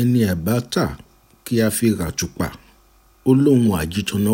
ẹni ẹ̀ bá tà kí a fi ràtùpà ó lóun àjitọ̀nà